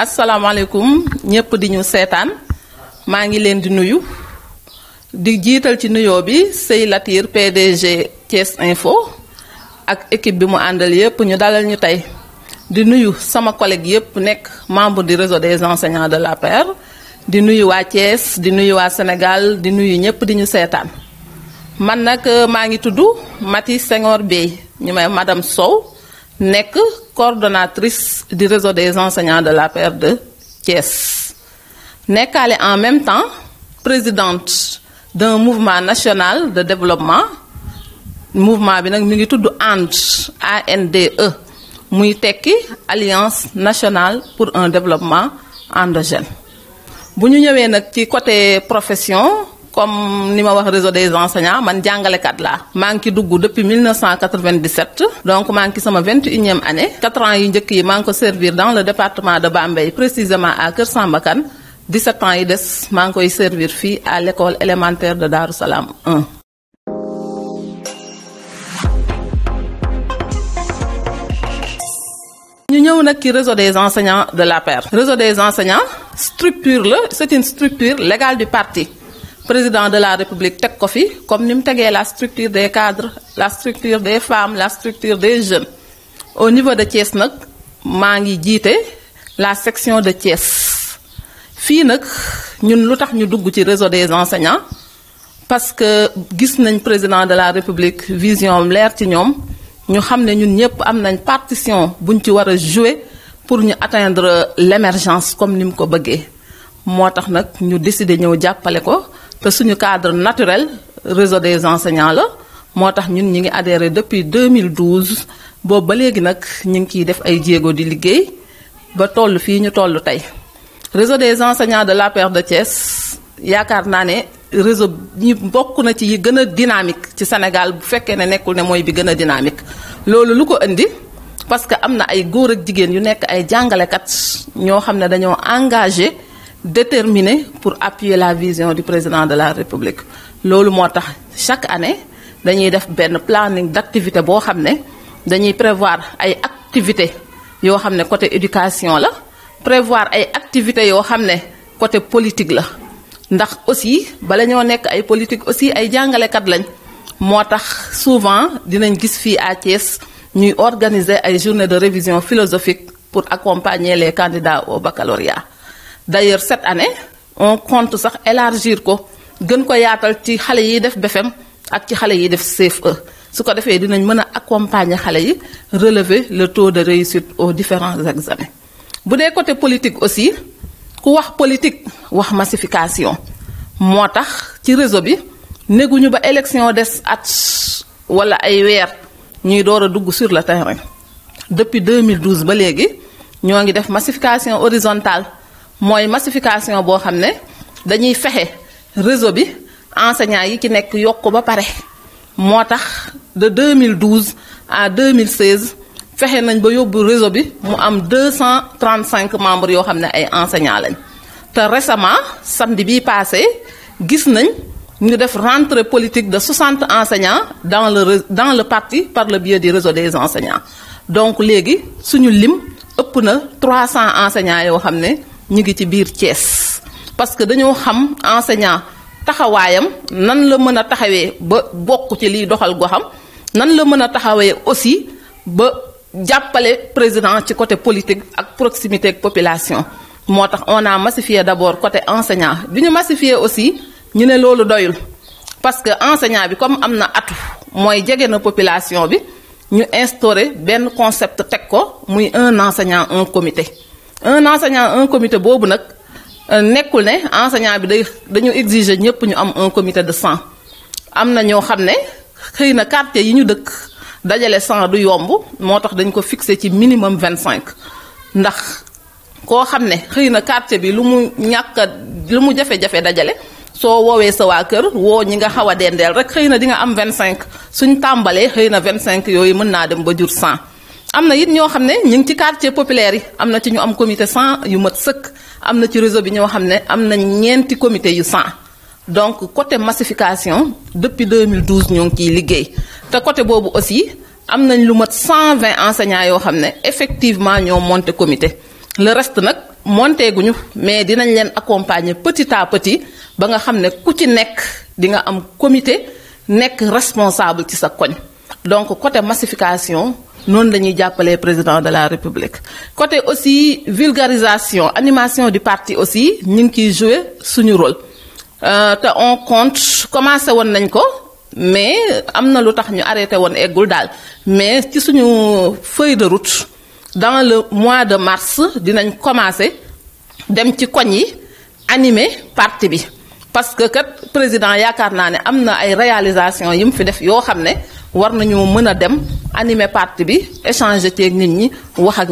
asalaamaaleykum ñëpp di ñu seetaan maa ngi leen di nuyu di jiital ci nuyo bi Sey Latir PDG Thiès Info ak équipe bi mu àndal yépp ñu dalal ñu tey di nuyu sama collègue yépp nekk membre di réseau des enseignants de la l'APR di nuyu waa Thiès di nuyu waa Sénégal di nuyu ñëpp di ñu seetaan man nag euh, maa ngi tudd Mati Senghor Bey ñu may madame Sow Nek coordonnatrice du réseau des enseignants de la paire de Thiès est en même temps présidente d'un mouvement national de développement mouvement bi ANDE ANDE muy alliance nationale pour un développement endogène bu ñu profession comme ni ma wax réseau des enseignants man jangale kat la man ki dugg depuis 1997 donc man ki sama 21e année 4 ans yi njëkk yi man ko servir dans le département de Bambey précisément à Kersambakan. Sambakan 17 ans yi dess man koy servir fi à l'école élémentaire de Darussalam. Salam 1. ñu ñëw nak réseau des enseignants de la paire. réseau des enseignants structure c'est une structure légale du parti président de la république comme nous avons la structure des cadres la structure des femmes la structure des jeunes au niveau de Thiès pièce, ma ngi la section de Thiès fi nous ñun lutax ñu dugg ci réseau des enseignants parce que gis nañ président de la république vision avons ci ñom ñu xamné ñun ñëpp partition buñ ci jouer pour ñu atteindre l'émergence comme nous l'avons ko Moi, motax nak décidé ñu décider ñeu jappalé ko. te suñu cadre naturel réseau des enseignants la moo tax ñun ñi ngi adhéré depuis 2012 boobu ba léegi nag ñu ngi ciy def ay jéego di liggéey ba toll fii ñu toll tey réseau des enseignants de la l'APR de Thiès yaakaar naa ne réseau ñi bokk na ci yi gën a dynamique ci Sénégal bu fekkee ne nekkul ne mooy bi gën a dynamique loolu lu ko indi parce que am na ay góor ak jigéen yu nekk ay jàngalekat ñoo xam ne dañoo engagé Déterminé pour appuyer la vision du président de la République Lolo chaque année dañuy def un planning d'activité pour prévoir ay activités yo le côté éducation la prévoir ay activités yo le côté politique la ndax aussi bala ñoo politiques ay politique aussi ay kat lañ motax souvent dinañ gis fi à Thiès ñuy organiser ay de révision philosophique pour accompagner les candidats au baccalauréat d'ailleurs cette année on compte sax élargir ko gën ko yaatal ci xale yi def BFEM ak ci xale yi def CFE su ko defee dinañ mën a accompagner xale yi relever le taux de réussite aux différents examens bu dee côté politique aussi ku wax politique wax massification moo tax ci réseau bi néguñu ba élection des at wala ay weer ñuy door a dugg sur le terrain depuis 2012 ba léegi ñoo ngi def massification horizontale mooy massification boo xam ne dañuy fexe réseau bi enseignants yi ki nekk yokk ba pare de 2012 à 2016 fexe nañ ba yóbbu réseau bi mu am 235 membres yoo enseignants lañ récemment samedi passé gis nañ ñu def rentrée politique de 60 enseignants dans le dans le parti par le biais du réseau des enseignants donc léegi suñu lim ëpp na 300 enseignants yoo ñu ngi ci parce que dañoo xam enseignant nan la ba ci doxal aussi ba président côté politique ak proximité ak population a massifié d'abord côté enseignant ñu massifié aussi ñu ne parce que enseignant bi comme population instauré concept un enseignant un comité un enseignant en comité boobu nag euh, nekkul ne enseignant bi day dañu exiger ñëpp ñu am en comité de cent am na ñoo xam ne xëy na quartier yi ñu dëkk dajale cent du yomb moo tax dañ ko fixé ci minimum vingt cinq ndax koo xam ne xëy na quartier bi lu mu ñàkk a lu mu jafe-jafe dajale soo woowee sa waa kër woo ñi nga xaw a dendeel rek xëy na di nga am vingt cinq suñ tàmbalee xëy na vingt cinq yooyu mën naa dem ba jur cent amna yit ñoo a ne ci quartier populaire yi am ci ñu am comité 100 yu mat sëkk amna ci réseau bi ñoo xam amna comité yu 100 donc côté massification depuis 2012 ñoo ngi ciy liggéey te côté bobu aussi amna nañ lu mat 120 enseignants yo xam effectivement ñoo monté comité le reste nak monté guñu mais dinañ leen accompagner petit à petit ba nga xam ku ci nekk di nga am comité nekk responsable ci sa koñ donc côté massification nous dañuy jappalé le président de la république côté aussi vulgarisation animation du parti aussi nous qui jouer suñu rôle euh, on compte commencé won nañ ko mais amna lutax arrêté ñu arrêté won eggul dal mais ci suñu feuille de route dans le mois de mars dinañ commencé dem ci koñ animer parti parce que kat président yaakaar naa ne am na ay réalisation yi mu fi def yoo xam ne war nañu mën dem animer parti bi échanger ceeg nit ñi wax ak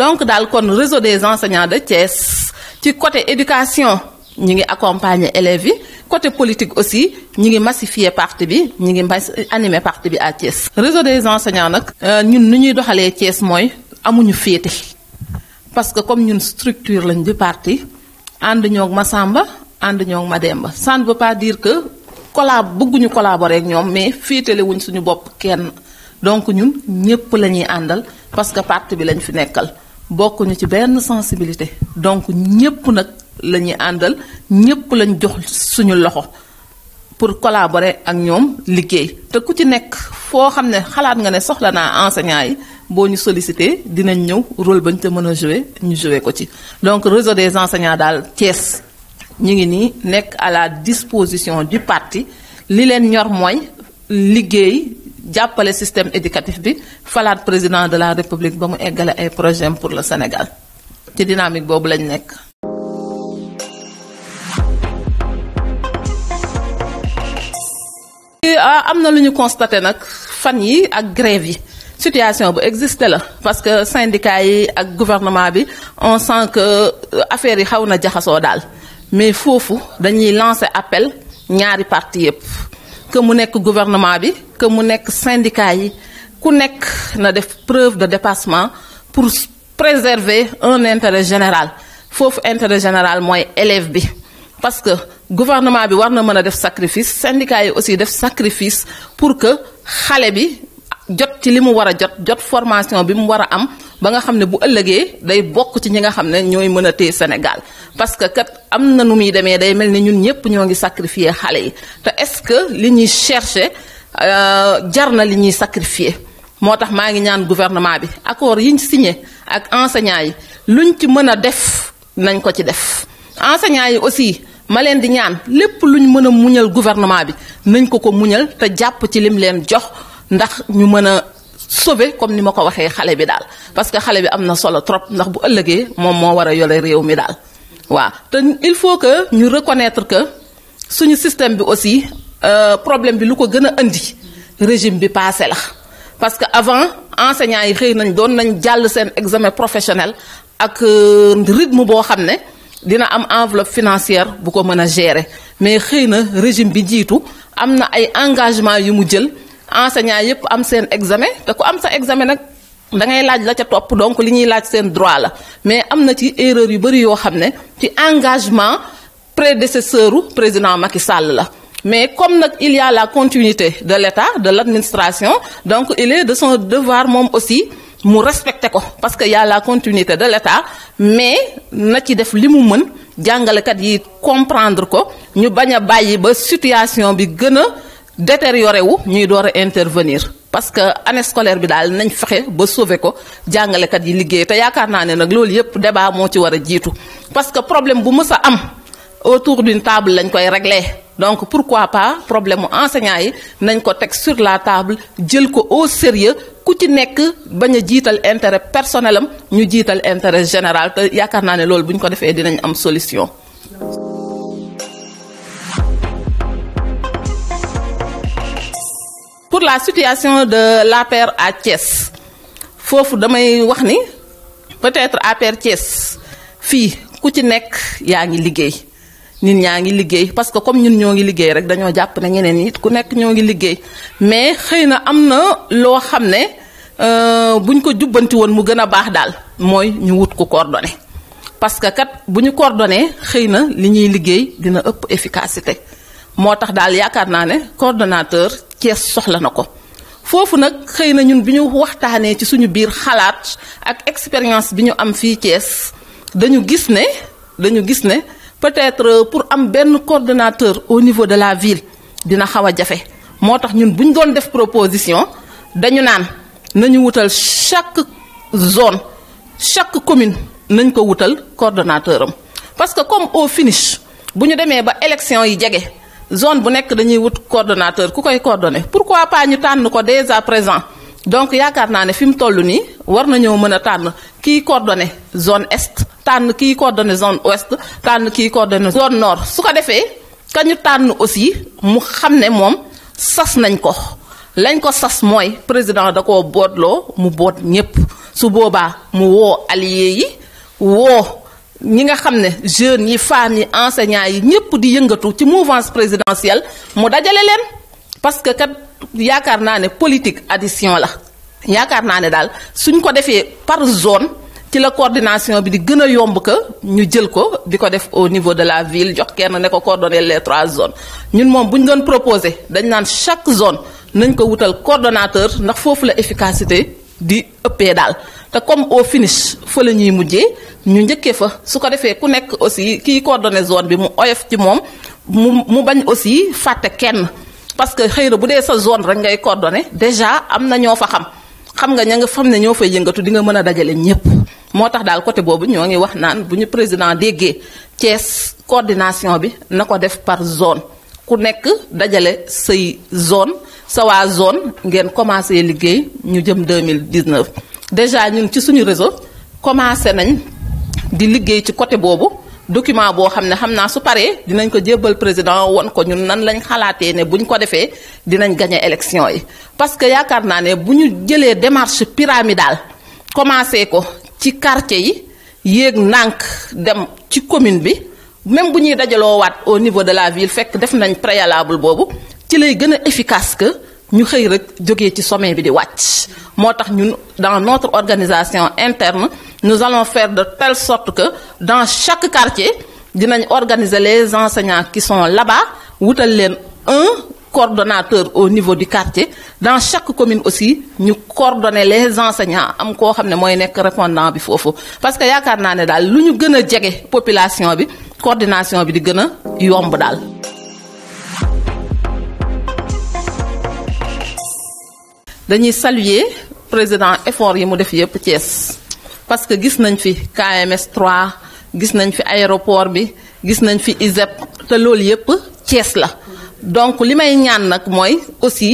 donc daal kon réseau des enseignants de Thiès ci côté éducation ñi ngi accompagner élèves côté politique aussi ñi ngi massifier parti bi ñi ngi animer parti bi à Thiès. réseau des enseignants nag euh, ñun nu ñuy doxalee Thiès mooy amuñu féete parce que comme ñun structure lañ di parti ànd ñoo Masamba. And ça ne veut pas dire que collab bëgguñu collaborer ak mais fétélé wuñ suñu bop kenn donc ñun lañuy andal parce que parti bi lañ fi nekkal bokkuñu ci sensibilité donc nous nak tous les lañ jox suñu loxo pour collaborer ak ñom liggéey te ku ci nekk foo xam xalaat nga soxla enseignant rôle bañ te jouer ñu jouer donc réseau des enseignants daal Thiès ñi ngi à la disposition du parti li len ñor moy liggéey jappalé système éducatif bi le président de la république ba mu eggale ay projet pour le Sénégal ci dynamique bobu lañ nekk. Ah, am na lu constaté nag fan yi ak grève yi situation bu existé la parce que syndicat yi ak gouvernement bi on sent que euh, affaire yi xawna jaxaso dal mais il dañuy lancer appel ñaari parti que mu gouvernement que mu nekk syndicat yi ku nekk na de dépassement pour préserver un intérêt général un intérêt général mooy élève parce que gouvernement bi war na mën a def sacrifice syndicat yi aussi def sacrifice pour que xale bi jot ci limu wara jot jot formation bi mu wara am ba nga xamne bu ëllëgé day bokk ci ñinga xamne ñoy mëna té Sénégal parce que kat am na nu mi démé day melni ñun ñëpp ñoo ngi sacrifier xalé yi te est ce que li ñi chercher euh, jar na li ñi sacrifier motax ma ngi ñaan gouvernement bi accord yiñ signé ak enseignants yi luñ ci mëna def nañ ko ci def enseignants yi aussi malen di ñaan lepp luñ mëna muñal gouvernement bi nañ ko ko muñal te japp ci lim leen jox Nous ñu sauver comme ni parce que bi trop ndax bu il faut que nous reconnaître que suñu système aussi euh, problème bi lu ko régime bi passé parce que avant enseignants yi nañ doon nañ examen professionnel ak euh, rythme boo xam dina enveloppe financière bu ko gérer mais le régime bi jiitu am ay engagement yu enseignant pour am un examen te ku am sa examen nag da ngay laaj la ca topp donc laaj droit la mais am na ci erreur yu bëri yoo engagement prédécesseur du président Macky Sall Mais comme il y a la continuité de l'État, de l'administration, donc il est de son devoir même aussi de respecter parce qu'il y a la continuité de l'État, mais il a un ce yi comprendre ko ñu baña bayyi ba situation bi gëna détérioré wu ñuy door intervenir parce que année scolaire bi dal nañ fexe ba sauver ko kat yi liggéey té yaakaar naa ne nag loolu yëpp débat moo ci war a jiitu parce que problème bu mës am autour d'une table lañ koy réglé donc pourquoi pas problème enseignant yi nañ ko teg sur la table jël ko au sérieux ku ci nekk bañ a jiital intérêt personnel am ñu jiital intérêt général te yaakaar naa ne loolu bu ko defee dinañ am solution pour la situation de l'APR à Thiès Fofu damay wax ni peut-être APR Thiès fi ku ci nek yaa ngi liggéey nit ñaa ngi liggéey parce que comme ñun ñogi ngi liggéey rek dañu japp na ñeneen nit ku nek ñogi ngi liggéey mais xeyna amna lo xamné euh buñ ko jubbanti woon mu gëna a baax daal mooy ñu wut ko coordonné parce que kat buñu ñu xeyna xëy na li ñuy liggéey dina upp efficacité motax dal daal yaakaar naa ne coordonnateur Thiès soxla na ko foofu nag ñun biñu waxtane ci suñu biir xalaat ak expérience biñu am fi ties dañu gis ne dañu gis ne peut-être pour am ben coordonnateur au niveau de la ville dina xawa jafé motax ñun buñ doon def proposition dañu naan nañu wutal chaque zone chaque commune nañ ko wutal coordonnateur parce que comme au finish buñu démé ba élection yi jege zone bu nek dañuy wut coordonnateur ku koy coordonner pourquoi pas ñu tànn ko déjà à présent donc yaakaar naa ne fi mu toll nii war nañoo mën a tànn kii coordonné zone est tànn kii coordonné zone ouest tànn kii coordonné zone nord su ko defee ka ñu tànn aussi mu xam ne moom sas nañ ko lañ ko sas mooy président da koo bootloo mu boot ñépp su boobaa mu woo allié yi woo ñi nga xam ne jeunes yi femmes yi enseignants yi ñëpp di yëngatu ci mouvance présidentielle mu dajale leen parce que kat yaakaar naa ne politique addition la yaakaar naa ne daal suñ ko defee par zone ci la coordination bi di gën a yomb que ñu jël ko di ko def au niveau de la ville jox kenn ne ko coordonner les trois zones ñun moom buñ doon proposé dañ naan chaque zone nañ ko wutal coordonnateur ndax foofu la efficacité di ëppee daal te comme au finish fa la ñuy mujjee ñu njëkkee fa su ko defee ku nekk aussi kiy coordonné zone bi mu oyof ci moom mu mu bañ aussi fàtte kenn parce que xëy na bu dee sa zone rek ngay coordonné déjà am na ñoo fa xam xam nga ña nga xam ne ñoo fay yëngatu di nga mën a dajale ñépp moo tax daal côté boobu ñoo ngi wax naan bu ñu président déggee Thiès coordination bi na ko def par zone ku nekk dajale say zone sa waa zone ngeen commencé liggéey ñu jëm 2019 déjà ñun ci suñu réseau commencé nañ di liggéey ci côté bobu document bo xam xamna su paré dinañ ko djébal président won ko ñun nan lañ xalaté né buñ ko défé dinañ gagner élection yi parce que yaakaar naa ne bu ñu démarche pyramidale commencé ko ci quartier yi yéeg ndànk dem ci commune bi même buñuy ñuy wat au niveau de la ville fekk def nañ préalable bobu ci lay gën a efficace que ñu xëy rek jógee ci sommet bi di wàcc moo ñun dans notre organisation interne nous allons faire de telle sorte que dans chaque quartier dinañ organiser les enseignants qui sont là-bas wutal leen un coordonnateur au niveau du quartier dans chaque commune aussi ñu coordonner les enseignants am koo xam ne mooy nekk répondant bi foofu parce que yaakaar naa ne daal lu ñu gën a jege population bi coordination bi di gën a yomb daal dañuy saluer président effort yi mu def yëpp Thiès parce que gis nañ fi KMS 3 gis nañ fi aéroport bi gis nañ fi ISEP te loolu yëpp Thiès la donc li may ñaan nag mooy aussi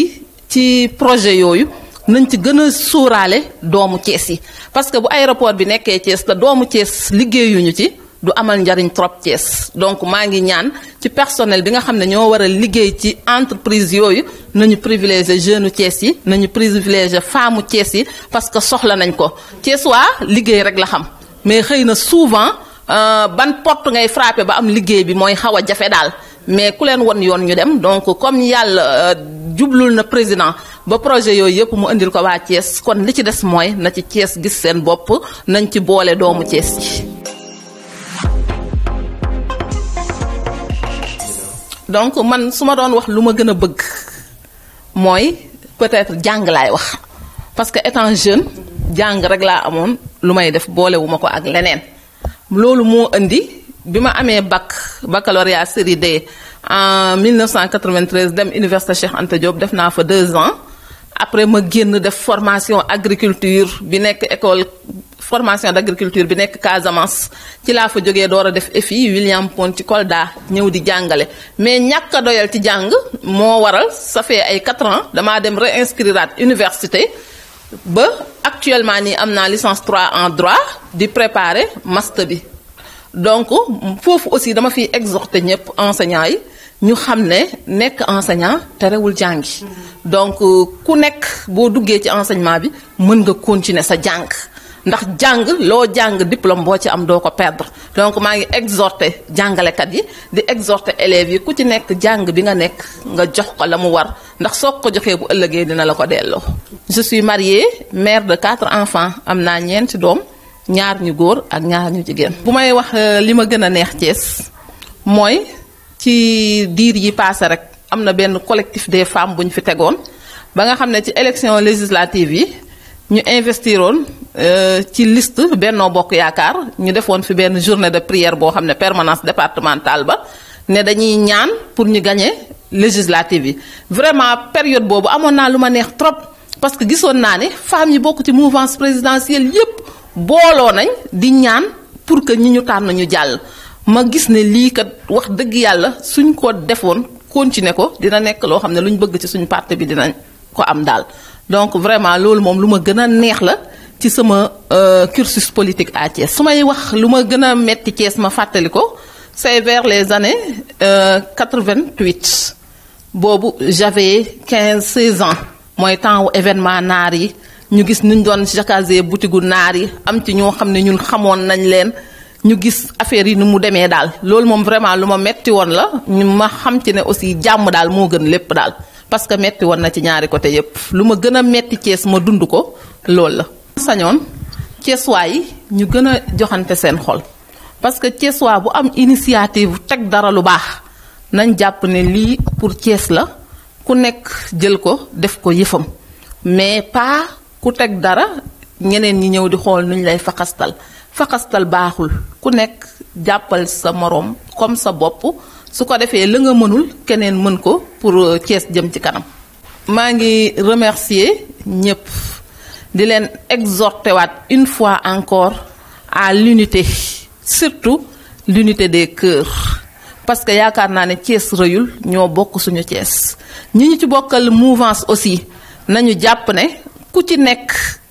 ci projet yooyu nañ ci gën a suuraale doomu Thiès yi parce que bu aéroport bi nekkee Thiès te doomu Thiès liggéeyuñu ci du amal njariñ trop ties donc maa ngi ñaan ci personnel bi nga xam ne ñoo war a liggéey ci entreprise yooyu nañu privilégier jeune ties yi nañu privilégier femme ties yi parce que soxla nañ ko Thiès waa liggéey rek la xam mais xëy na souvent euh, ban porte ngay frappé ba am liggéey bi mooy xaw a jafe daal mais ku leen won yoon ñu dem donc comme yàlla euh, jublul na président ba projet yooyu yëpp mu indil ko waa Thiès kon li ci des mooy na ci Thiès gis seen bopp nañ ci boole doomu Thiès yi donc man suma ma doon wax luma gëna bëgg moy peut-être jang lay wax parce que étant jeune jang rek la amone lu may def boolewuma ko ak lenen lolu mo indi bima amé bac baccalauréat série D en 1993 dem université Cheikh Anta Diop def fa deux ans après ma génn def formation agriculture bi nek école formation d'agriculture bi nek Casamance ci la fa jógee doora def FI William Ponti Kolda ñëw di choses. mais ñàkk a doyal ci jàng mo waral ça fait ay 4 ans dama dem réinscrire à université ba actuellement ni amna licence 3 en droit di préparer master bi donc fofu aussi dama fi exhorter ñep enseignants yi ñu xamné nek enseignant téréwul jàngi mm-hmm. donc euh, ku nek bo duggé ci enseignement bi mën nga continuer sa jàng ndax jàng loo jàng diplôme boo ci am doo ko perdre donc maa ngi exhorter jàngalekat yi di exhorter élèves yi ku ci nekk jàng bi nga nekk nga jox ko la mu war ndax soo ko joxee bu ëllëgee dina la ko delloo. je suis mariée mère de quatre enfants am naa ñeenti doom ñaar ñu góor ak ñaar ñu jigéen. bu may wax euh, li ma gën a neex Thiès mooy ci diir yi paase rek am na benn collectif des femmes bu ñu fi tegoon ba nga xam ne ci élection législative yi. ñu investiroon euh, ci liste Benno Bokk Yaakaar ñu defoon fi benn journée de prière boo xam ne permanence départementale ba ne dañuy ñaan pour ñu gagner législative yi vraiment période boobu amoon naa lu ma neex trop parce que gisoon naa ne femmes yi bokk ci mouvance présidentielle yépp booloo nañ di ñaan pour que ñi ñu tànn ñu jàll ma gis ne lii kat wax dëgg yàlla suñ ko defoon continuer ko dina nekk loo xam ne lu ñu bëgg ci suñu parti bi dinañ ko am daal donc vraiment lolou mom luma gëna neex la ci sama euh, cursus politique à Thiès sumay wax luma gëna metti Thiès ma fatali ko c'est vers les années euh, 88 bobu j'avais 15 16 ans moy temps où événement nari ñu gis nuñ doon jacaser de nari am ci ñoo xamne ñun xamone nañ leen ñu gis affaire yi ni mu demee daal loolu moom vraiment lu ma metti woon la ñu ma xam ci ne aussi jàmm daal moo gën lépp daal parce que metti woon na ci ñaari côté yépp lu ma gën a metti Thiès ma dund ko loolu la. sañoon Thiessois yi ñu gën a joxante seen xol parce que Thiessois bu am initiative teg dara lu baax nañ jàpp ne lii pour Thiès la ku nekk jël ko def ko yëfam mais pas ku teg dara. ñeneen ñi ñëw di xool nuñ lay faxastal faxastal baaxul ku nekk jàppal sa moroom comme sa bopp su ko defee la nga mënul keneen mën ko pour euh, Thiès jëm ci kanam maa ngi remercier ñëpp di leen exhorter waat une fois encore à l'unité surtout l'unité des cœurs parce que yaakaar naa ne Thiès rëyul ñoo bokk suñu Thiès ñi ñu ci bokkal mouvance aussi nañu jàpp ne ku ci nekk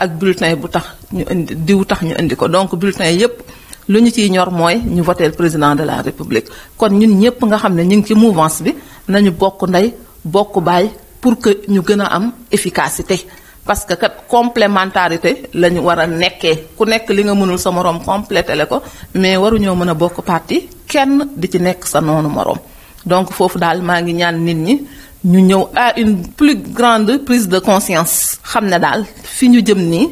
ak bulletin bu tax ñu indi diw tax ñu indi ko donc bulletin yépp lu ñu ciy ñor mooy ñu voteel président de la république kon ñun ñëpp nga xam ne ñu ngi ci mouvance bi nañu bokk ndey bokk baay pour que ñu gën a am efficacité parce que kat complémentarité la ñu war a nekkee ku nekk li nga mënul sa morom complété ko mais waruñoo mën a bokk parti kenn di ci nekk sa noonu moroom donc foofu daal maa ngi ñaan nit ñi ñu ñëw à une plus grande prise de conscience xam ne daal fi ñu jëm nii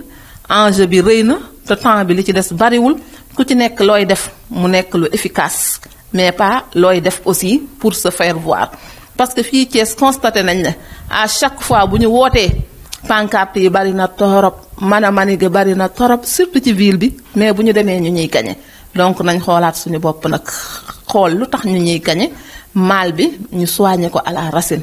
enjeu bi rëy na te temps bi li ci des bariwul ku ci nekk looy def mu nekk lu efficace mais pas looy def aussi pour se faire voir parce que fii Thiès constaté nañ ne à chaque fois bu ñu wootee pancarte yi bari na torop mana a mani gi bari na torop surtout ci ville bi mais bu ñu demee ñu ñuy donc nañ xoolaat suñu bopp nag xool lu tax ñu ñuy gagné mal bi ñu soigné ko à la racine